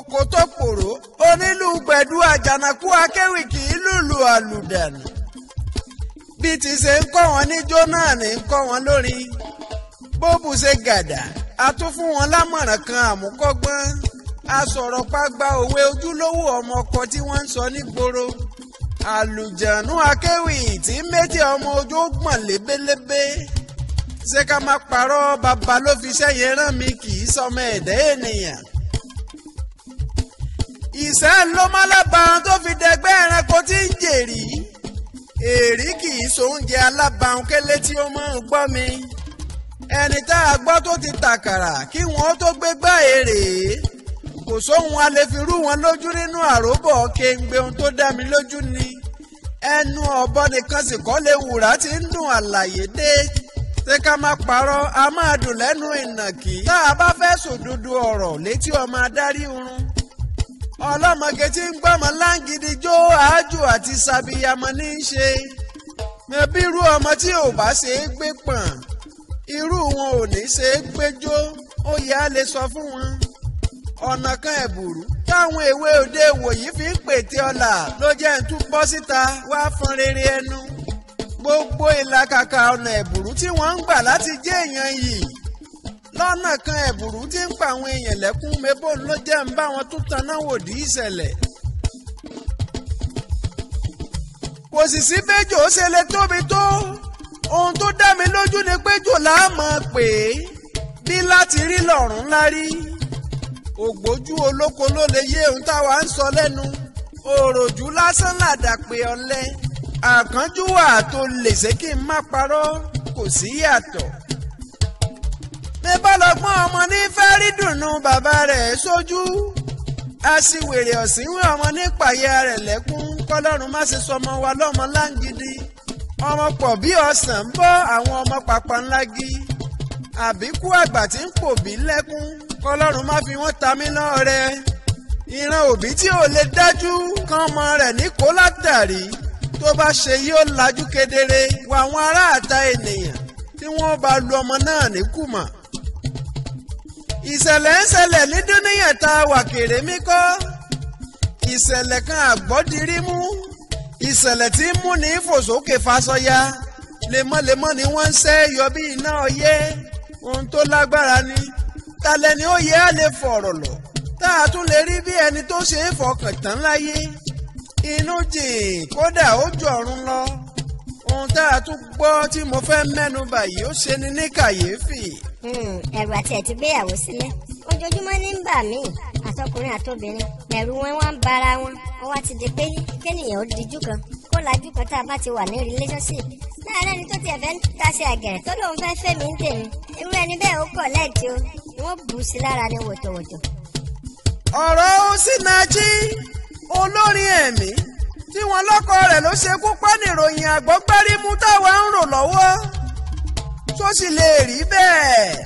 oko tó pòrò onílù gbẹ̀dú àjànàkú akéwì kì í lùlù àlùdànù bí ti ṣe ń kọ́ wọn níjó náà ní ń kọ́ wọn lórin bóbù ṣe gàdà a tún fún wọn lámọ̀ràn kan àmúkọ́gbọ́n a sọ̀rọ̀ pàgbà òwe ojúlówó ọmọ ọkọ tí wọ́n ń sọ nígboro àlùjànú akéwì tí méjì ọmọ ojú gbọ̀n lébélébé ṣé ká má parọ́ bàbá ló fi ṣẹ́yẹ rán mi kì í sọmọ ẹ̀dá ènìyàn ìṣẹ́ ló má lábàá tó fi dẹgbẹ́ ẹranko tí ń jèrè èrí kì í sóúnjẹ alábàáhùn kélé tí ó máa ń gbọ́ mi ẹni tá a gbọ́ tó ti tàkàrà kí wọ́n tó gbé gbá èrè kò sóhun a lè fi rú wọn lójú nínú àróbọ̀ kéńgbé ohun tó dá mi ni ẹnu ọ̀bọ nìkan sì kọ́ lè wùrà tí ń dùn a máa dùn lẹ́nu tá a bá fẹ́ sòdodo ọ̀rọ̀ létí ọmọ adarí oorun ọlọ́mọge tí ń gbọ́mọ láǹgìdì jó àájò àti sàbíyamọ ní í ṣe mẹbí irú ọmọ tí ò bá ṣe é gbé pọ̀n irú wọn ò ní ṣe é gbé jó ó yẹ á lè sọ fún wọn ọ̀nà kan ẹ̀bùrú táwọn èwe òde ìwòyí fi ń pètè ọ̀la ló jẹ́ ń tún bọ́ síta wá fọn rere ẹnu gbogbo ìlàkàkà ọ̀nà ẹ̀bùrú tí wọ́n ń gbà láti jẹ́ èèyàn yìí lọ́nà kan ẹ̀bùrú tí ń pa àwọn èèyàn lẹ́kún mébò ló jẹ́ ń bá wọn tún taná wòdì ìṣẹ̀lẹ̀. kò sì sí bẹ́jọ́ ó ṣe lè tóbi tó ohun tó dá mi lójú ni péjò làá mọ̀ pé bí láti rí lọ́rùn ńlá rí ògbójú olóko ló lè yé ohun táwa ń sọ lẹ́nu òròjú lásán làdà pé ọ̀lẹ àkànjúwà tó lè ṣe kí n má parọ́ kò sí yàtọ̀ lọ́pọ̀lọpọ̀ ọmọ ní fẹ́ rí dùnú bàbá rẹ̀ sójú aṣiwèrè ọ̀sìnwé ọmọ nípàyà rẹ̀ lẹ́kún kọ́lọ́run má ṣe sọmọ wa lọ́mọ láǹgídí ọmọ pọ̀ bí ọ̀sán ń bọ́ àwọn ọmọ pàpà ńlá gi àbíkú àgbà tí ń pò bí lẹ́kún kọ́lọ́run má fi wọ́n ta mí náà rẹ̀ ìran òbí tí ò lè dájú kan ọmọ rẹ̀ ní kó látàrí tó bá ṣe yóò lajú kedere wà àwọn ará àta ènìyàn tí wọ́n bá lu ọmọ náà ní kùmọ̀ ìṣẹ̀lẹ̀ ń ṣẹlẹ̀ ní dúníyàn tá a wà kéré mi kọ́ ìṣẹ̀lẹ̀ kan àgbọ́dirí mú ìṣẹ̀lẹ̀ tí ń mú ní fòsókè fasọya lemọ́lemọ́ ni wọ́n ń ṣe yọ bí iná ọyẹ́ ohun tó lágbára ni talẹ̀ ni ó yẹ á lè fọ̀rọ̀ lọ tá a tún lè rí bí ẹni tó ṣe é fọkàn tán láyé inú jìn kódà ó ju lọ ohun tá a tún gbọ́ tí mo fẹ́ mẹ́nu báyìí ó ṣe ni ní kàyéfì. Hmm, ẹ̀rù àti ẹ̀túgbéyàwó sílẹ̀ ojoojúmọ́ ní bà mí àtọkùnrin àtobìnrin ẹ̀rù wọn wá ń bara wọn wọn wá ti di pé kéèyàn ó dijú kan kó lajú kan tá a bá ti wà ní relationship láàárín ẹni tó tiẹ̀ fẹ́ ń taṣe àgẹ̀rẹ̀ tó lóun fẹ́ fẹ́ mi ń tèmi irú ẹni bẹ́ẹ̀ ó kọ̀ lẹ́ẹ̀tì o ni wọ́n bù ú sí lára ní wòtòwòtò. ọ̀rọ̀ ó sì náà jí olórin ẹ̀mí tí wọn lọ́kọ rẹ̀ ló ṣekú pa níròyìn àgbọ́gbárímú táwa ń rò lọ́wọ́ tó sì lè rí bẹ́ẹ̀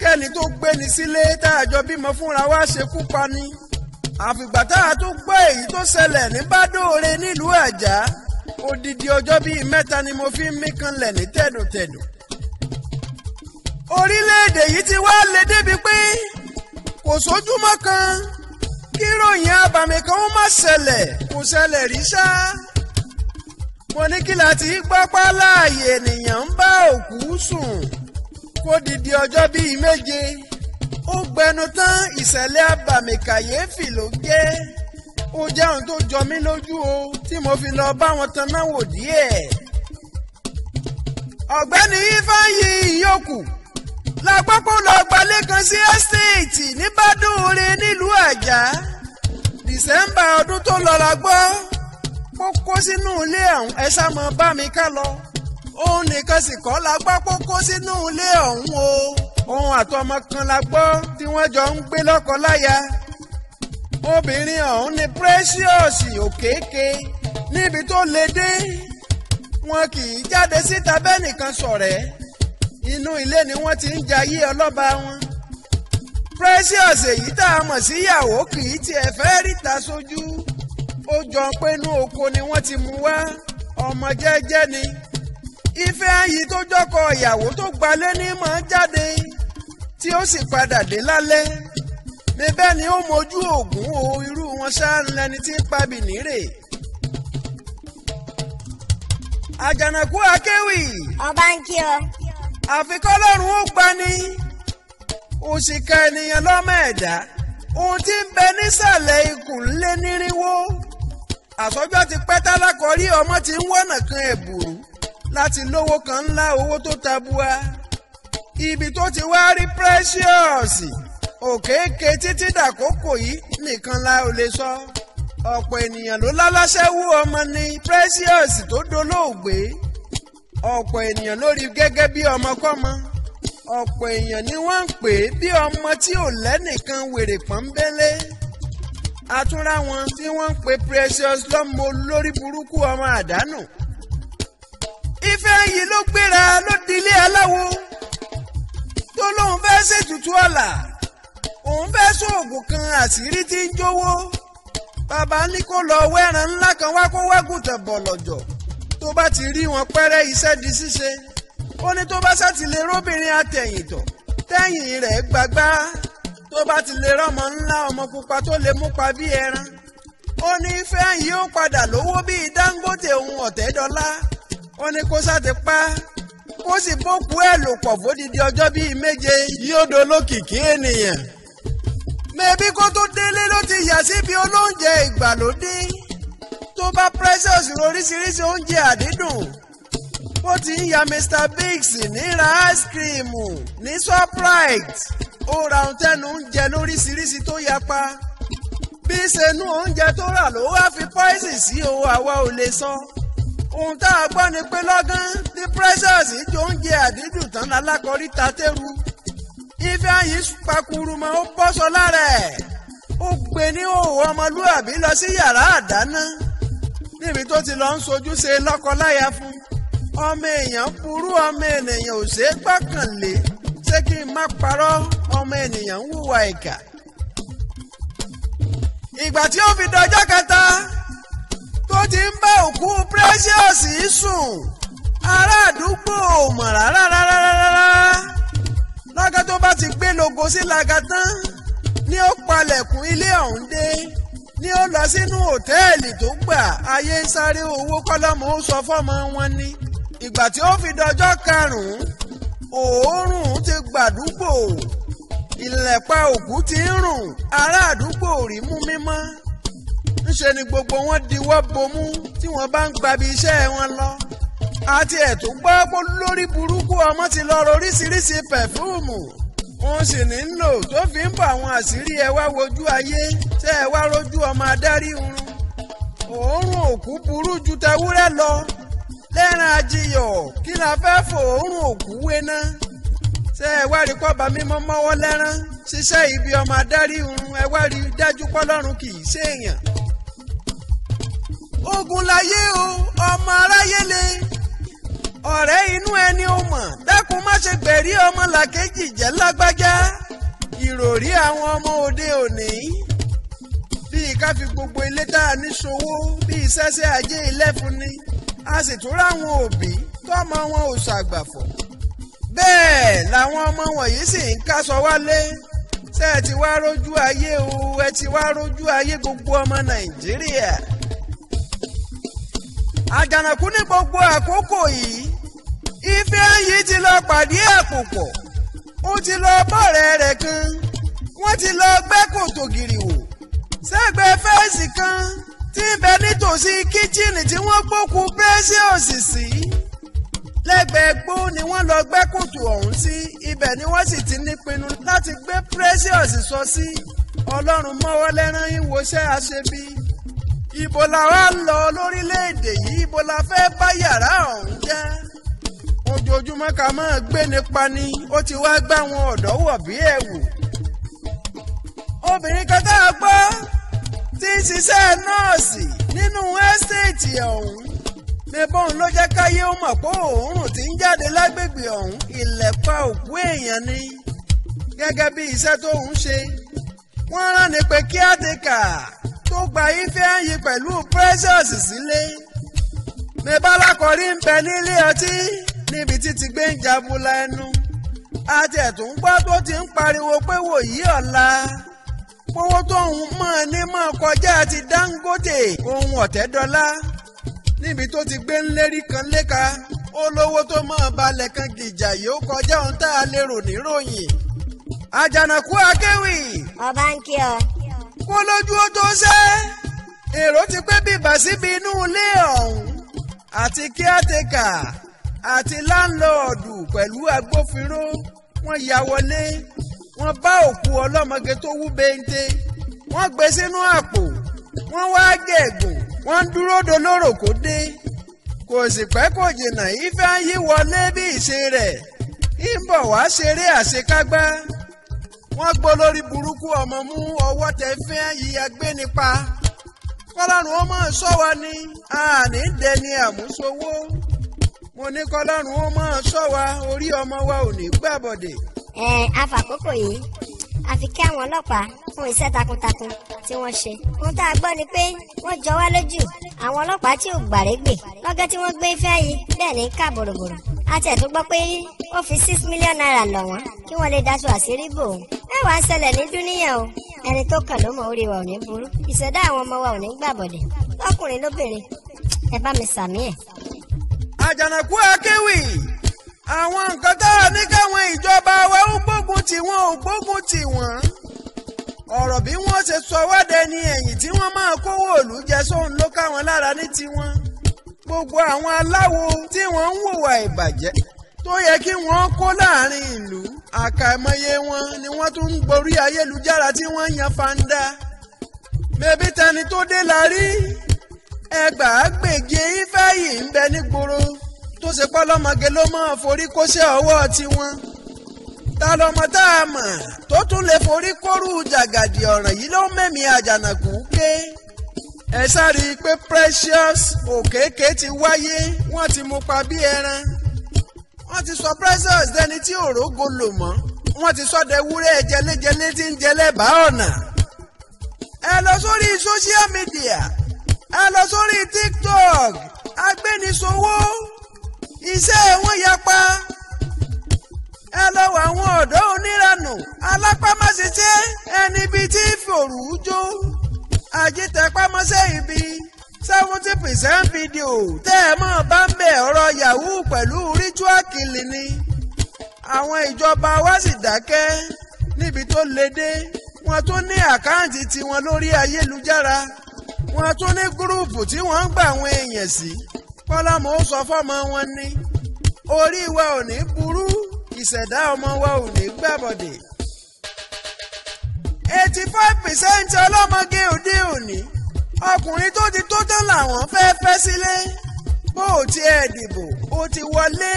kẹ́ni tó gbéni sílé tá a jọ bímọ fúnra wa ṣekú pa ni àfìgbà tá a tún gbọ́ èyí tó ṣẹlẹ̀ ní bádóore nílùú àjà odidi ọjọ́ bíi mẹ́ta ni mo fi ń mí kanlẹ̀ ní tẹ̀dùtẹ̀dù orílẹ̀-èdè yìí ti wá le débi pé kò sójúmọ́ kan kí ròyìn abàmì kan ó má ṣẹlẹ̀ ṣẹlẹ̀ rí ṣá mo ní kí láti gbọ́ páláàyè ènìyàn ń bá òkú sùn kó dìde ọjọ́ bíi méje ó gbẹnu tán ìṣẹ̀lẹ̀ abàmì kàyéfì ló jẹ́ ó jẹ́ ohun tó jọ mí lójú o tí mo fi lọ bá wọn tan náà díẹ̀. ọ̀gbẹ́ni ifeanyi ìyókù la gbọ́ kó lọ gbalẹ̀ kan sí ẹ́stéètì ní bàdúrẹ́ nílùú àjà dìsẹ́mbà ọdún tó lọ la gbọ́ kó kó sínú ilé ọ̀hún ẹ ṣá bá mi ká lọ òun nìkan sì kọ́ la gbọ́ kó kó sínú ilé ọ̀hún o òun àtọmọ kan la gbọ́ tí wọ́n jọ ń gbé lọ́kọ láya obìnrin ọ̀hún ni Precious Òkèké níbi tó le dé wọn kì í jáde síta bẹ́ẹ̀ nìkan ṣọ̀rẹ́ inú ilé ni wọ́n ti ń jayé ọlọ́ba wọn Precious èyí tá a mọ̀ sí ìyàwó kì í tiẹ̀ fẹ́ ríta sójú ó jọ pé inú oko ni wọ́n ti mú wá ọmọ jẹ́jẹ́ ni ìfẹ́ ayì tó jọkọ ìyàwó tó gbalé ní máa jáde tí ó sì padà dé lálẹ́ mi bẹ́ẹ̀ ni ó mojú òògùn o irú wọn ṣáà ń lẹni tí ń pabì nírè. àjànàkú akéwì. ọba ń kí ọ. àfikọ́ ó gbani òṣìkà ènìyàn lọ́mọ ẹ̀dá ohun tí ń bẹ nísàlẹ̀ ikùn lé nírinwó àsọjọ́ ti pẹ́ tálákọ̀ọ́rí ọmọ ti ń wọ̀nà kan ẹ̀bùrú láti lówó kan ńlá owó tó tabua ibi tó ti wá rí precious òkèèké títí dàkókò yìí nìkan la ò lè sọ ọ̀pọ̀ ènìyàn ló láláṣẹ́wó ọmọ ni precious tó dolóògbé ọ̀pọ̀ ènìyàn ló rí gẹ́gẹ́ bí ọmọkọ́mọ ọ̀pọ̀ èèyàn ni wọ́n ń pè é bí ọmọ tí ò lẹ́nìkan wèrè pọ́nbélé atúnra wọn tí wọ́n ń pe Precious lọ́mọ lórí burúkú ọmọ àdánù ìfẹ́ yìí ló gbéra ló dilé aláwo tó lóun fẹ́ ṣètùtù ọ̀la òun fẹ́ sóògùn kan àṣírí tí ń jówó bàbá ní kó lọ wẹ́ran ńlá kan wá kó wágùtàn bọ̀ lọ́jọ́ tó bá ti rí wọn pẹ́rẹ́ iṣẹ́ di ṣíṣe ó ní tó bá sátìlẹ̀ róbìnrin àtẹ̀yìntọ̀ tẹ́yìn rẹ̀ gbagbá tó bá ti lè rọ́mọ ńlá ọmọ pupa tó lè múpa bí ẹran ó ní fẹ́yìn ó padà lówó bíi Dangote ohun Ọ̀tẹ́dọ́lá ó ní kó sá ti pa kó sì bókú ẹ̀ lò pọ̀ fódìdí ọjọ́ bíi méje yóò dolókìkí ènìyàn mẹ̀bí kó tó délé ló ti yà síbi olóúnjẹ ìgbàlódé tó bá precious roríṣiríṣi oúnjẹ àdídùn ó ti ń ya Mr Biggs níra ice cream ní surprise. ó ra ohun tẹnu oúnjẹ lóríṣiríṣi tó yapa bí ṣẹnu oúnjẹ tó rà ló wá fi prices sí o àwa ò lè sọ ohun tá a gbọ́ ni pé lọ́gán tí prices jó oúnjẹ àdídùn tán lálákọ̀ọ́rí ta tẹ́rù ife àyè pakuru mọ́ ó bọ́sọ lára ẹ̀ ó gbé ní òwò ọmọlúàbí lọ sí yàrá àdáná níbi tó ti lọ ń sojú ṣe lọ́kọ láya fún un ọmọ èèyàn burú ọmọ ènìyàn ò ṣeé gbọ́kànlé ṣé kí n má parọ́ ọmọ ènìyàn ń hùwà ìkà. ìgbà tí ó fi dọjọ́ kẹta tó ti ń bá òkú Precious sùn ará àdúgbò mọ̀ rárá rárá rárá lága tó bá ti gbé logo sí lága ni ó palẹ̀kùn ilé ọ̀hún dé ni ó lọ sínú òtẹ́ẹ̀lì tó gbà ayé ń sáré owó kọ́lọ́mù ó sọ fọ́mọ wọn ni ìgbà tí ó fi dọjọ́ karùn-ún òórùn ti gbàdúgbò ìlẹ̀pa òkú ti ń rùn ará àdúgbò rí mú mímọ́ ńṣe ni gbogbo wọn diwọ́ bomú tí wọ́n bá ń gbabi iṣẹ́ wọn lọ àti ẹ̀tún gbọ́ pé lórí burúkú ọmọ ti lọ oríṣiríṣi pẹ̀fúùmù òun sì ní ń lò tó fi ń bọ̀ àwọn àṣírí ẹ wá wojú ayé tẹ́ ẹ wá rojú ọmọ adarí irun òórùn òkú burú ju tewúrẹ́ lọ lẹ́ran ajiyọ̀ kí la fẹ́ fòórùn òkú wéná ṣé ẹ wá rí kọ́ba mímọ́ mọ́wọ́ lẹ́rán ṣiṣẹ́ ibi ọmọ adarí irun ẹ wá rí dájú pọ́lọ́run kì í ṣèèyàn. ogun láyé o ọmọ aráyé le ọ̀rẹ́ inú ẹni o mọ̀ dákun má ṣe gbẹ̀rí ọmọ jẹ́ lágbájá ìròrí àwọn ọmọ òde òní bíi ká fi gbogbo ilé tá a ní ṣòwò bíi sẹ́sẹ́ ajé ilé fún ni. a sì tún ráwọn òbí tọ́mọ wọn ò ṣàgbàfọ̀ bẹ́ẹ̀ làwọn ọmọ wọ̀nyí sì ń kásọ wálé ṣé ẹ ti wá rójú ayé o ẹ ti wá rójú ayé gbogbo ọmọ Nàìjíríà àjànàkú ní gbogbo àkókò yìí ife yìí ti lọ pàdé àpòpọ̀ ó ti lọ bọ̀rẹ̀ rẹ̀ kan wọ́n ti lọ gbẹ́ kòtò gìrì wò sẹ́gbẹ́ fẹ́ǹsì kan tí ń bẹ nítòsí kíchìnì tí wọ́n gbókú precious sí lẹ́gbẹ̀ẹ́ gbó ni wọ́n lọ gbẹ́ kòtò ọ̀hún sí ibẹ̀ ni wọ́n sì ti nípinnu láti gbé precious sọ sí ọlọ́run mọ́wọ́ lẹ́rán ìwòsẹ́ àṣebí ibo la wá ń lọ lórílẹ̀‐èdè yìí ibo la fẹ́ bá yàrá ọ̀hún jẹ́ ojoojúmọ́ ká máa gbé nípa ni ó ti wá gbá wọn ọ̀dọ́ wọ̀ bí ẹ̀wù obìnrin kan gbọ́ ṣiṣẹ́ nọ́ọ̀sì nínú ẹ́stéètì ọ̀hún níbọn ló jẹ́ káyé ó mọ̀ pé òórùn tí ń jáde lágbègbè ọ̀hún ìlẹ̀pa òkú èèyàn ni gẹ́gẹ́ bí iṣẹ́ tó ń ṣe wọ́n rán ni pé kí àtẹ̀kà tó gba ife ẹ̀yìn pẹ̀lú precious sílé níbàlákọ̀rí ń bẹ nílé ọtí níbi títí gbé ń jabula ẹnu àti ẹ̀tún gbọ́ tó ti ń pariwo pé wòyí ọ̀la pọ́wọ́ tó ń máa ní máa kọjá ti Dangote ohun ọ̀tẹ́dọ́lá níbi tó ti gbé ńlérí kan léka ó lówó tó máa balẹ̀ kan gìjà yóò kọjá ohun tá a lè rò níròyìn àjànàkú akéwì. ọba ń kí ọ. kó lójú ó tó ṣe èrò ti pé bíbà síbi inú ilé ọ̀hún àti kíátẹ́kà àti láńlọ́ọ̀dù pẹ̀lú agbófinró wọ́n ya wọlé wọ́n bá òkú ọlọ́mọge tó wú bente wọ́n gbé sínú àpò wọ́n wá gẹ̀gùn wọ́n ń dúró dolóró kó dé kò sì pẹ́ kò jìnnà ife ń yí wọlé bí ìṣe rẹ̀ ń bọ̀ wá ṣeré àṣekágbá wọ́n gbó lórí burúkú ọmọ mú ọwọ́ tẹ fẹ́ yí agbénipa kọ́lọ́run ó máa ṣọ́ wa ni àní dẹni àmúṣowó mo ní kọ́lọ́run ó máa ṣọ́ wa orí ọmọ wa ò ní gbàbọ̀dẹ̀ afàkókò yìí àfi kí àwọn ọlọ́pàá fún iṣẹ́ takuntakun tí wọ́n ṣe. ohun tá a gbọ́ ni pé wọ́n jọ wá lójú àwọn ọlọ́pàá tí ò gbàrégbè lọ́gán tí wọ́n gbé Ifẹ̀ yìí bẹ́ẹ̀ ní ká bòròbòrò. a tiẹ̀ tó gbọ́ pé ó fi six million naira lọ̀ wọ́n kí wọ́n lè daṣọ àṣírí bò ó. mẹ́wàá ṣẹlẹ̀ ní dúníyàn o ẹni tó kàn ló mọ̀ orí wa ò ní burú ìṣẹ̀dá àwọn ọmọ wa ò ní gbàbọ̀dẹ̀ lọ́kùnrin lóbìnrin ẹ bá mi sàmí ẹ̀. àjànàkú akéwì àwọn nǹkan tá a ní káwọn ìjọba wa ó gbógun tì wọ́n ò gbógun tì wọ́n ọ̀rọ̀ bí wọ́n ṣe sọ wádẹ ni ẹ̀yìn tí wọ́n máa kówó òlú jẹ sóun ló káwọn lára ní tiwọn gbogbo àwọn aláwo tí wọ́n ń hùwà ìbàjẹ́ tó yẹ kí wọ́n kó láàrin ìlú àkàìmọye wọn ni wọ́n tún ń gborí ayélujára tí wọ́n ń yan fanda mẹbí tani tó dé la rí ẹgbàá gbèje ifeanyi ń bẹ nígboro tó ṣe pọ́ lọ́mọge ló máa forí kó sí ọwọ́ tiwọn ta lọmọ tá a mọ̀ tó tún lè forí kórú jàgàdì ọ̀ràn yìí ló mẹ́mí àjànàkú ké ẹ sáré pé Precious Òkèké ti wáyé wọ́n ti mú pa bí ẹran wọ́n ti sọ Precious dẹni tí òrógo lò mọ́ wọ́n ti sọ́dẹ̀ wúrẹ́ jẹlẹ́jẹlẹ́ tí ń jẹlẹ́ bá ọ̀nà ẹ lọ sórí social media ẹ lọ sórí TikTok agbẹnisowó iṣẹ́ wọn yapa ẹ lọ́wọ́ àwọn ọ̀dọ́ oníranù alápámásíṣẹ́ ẹni bíi tí fòrú jó àjẹtẹ̀pámọ́sẹ́ ibi seventy percent fídíò tẹ́ ẹ mọ̀ bá ń bẹ̀ ọ̀rọ̀ yahoo pẹ̀lú ritual killing ni àwọn ìjọba wa sì dákẹ́ níbi tó le dé wọ́n tún ní àkáǹtì tiwọn lórí ayélujára wọ́n tún ní gúrúùpù tí wọ́n ń gbà àwọn èèyàn sí. Si kọ́lá mo sọ fọ́mọ wọn ni orí wa ò ní burú ìṣẹ̀dá ọmọ wa ò ní gbàbọ̀dẹ̀. eighty five percent ọlọ́mọge òde òní ọkùnrin tó ti tó tán làwọn fẹ́ fẹ́ sílé bó o ti ẹ̀ dìbò o ti wọlé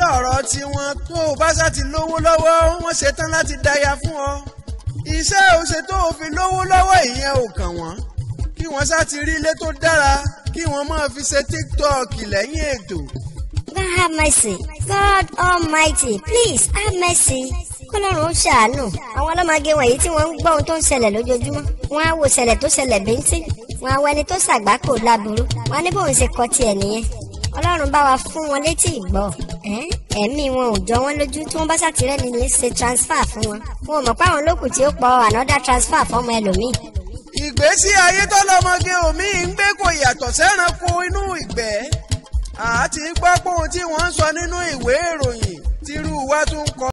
lọ́rọ̀ tiwọn tó o bá sá ti lówó lọ́wọ́ wọ́n ṣetán láti dáya fún ọ iṣẹ́ òṣè tó lówó lọ́wọ́ ìyẹn ò kàn wọ́n kí wọ́n sá rí ilé tó dára kí wọ́n máa fi ṣe tiktok lẹ́yìn ètò. God have mercy God Almighty please have mercy kọ́lọ́run ó ṣàánú àwọn ọlọ́mọge wọ̀nyí tí wọ́n ń gbọ́ ohun tó ń ṣẹlẹ̀ lójoojúmọ́ wọ́n á wo ṣẹlẹ̀ tó ṣẹlẹ̀ bíntín wọ́n á wọ ẹni tó ṣàgbákò láburú wọ́n á ní bóun ṣe kọ tiẹ̀ nìyẹn ọlọ́run bá wa fún wọn létí ìgbọ́ ẹ̀mí wọn ò jọ wọn lójú tí wọ́n bá ṣàtìrẹ́ni ní ṣe transfer fún wọn wọn ò mọ̀ pé àwọn olókùn tí ó pọ̀ another transfer fọ́mọ ẹlòmíì ìgbésí ayé tọ́lọ́mọge omi ń gbé kò yàtọ̀ sẹ́ranko inú ìgbẹ́ àti gbọ́ pé ohun tí wọ́n ń sọ nínú ìwé ìròyìn tírú wa tún kọ.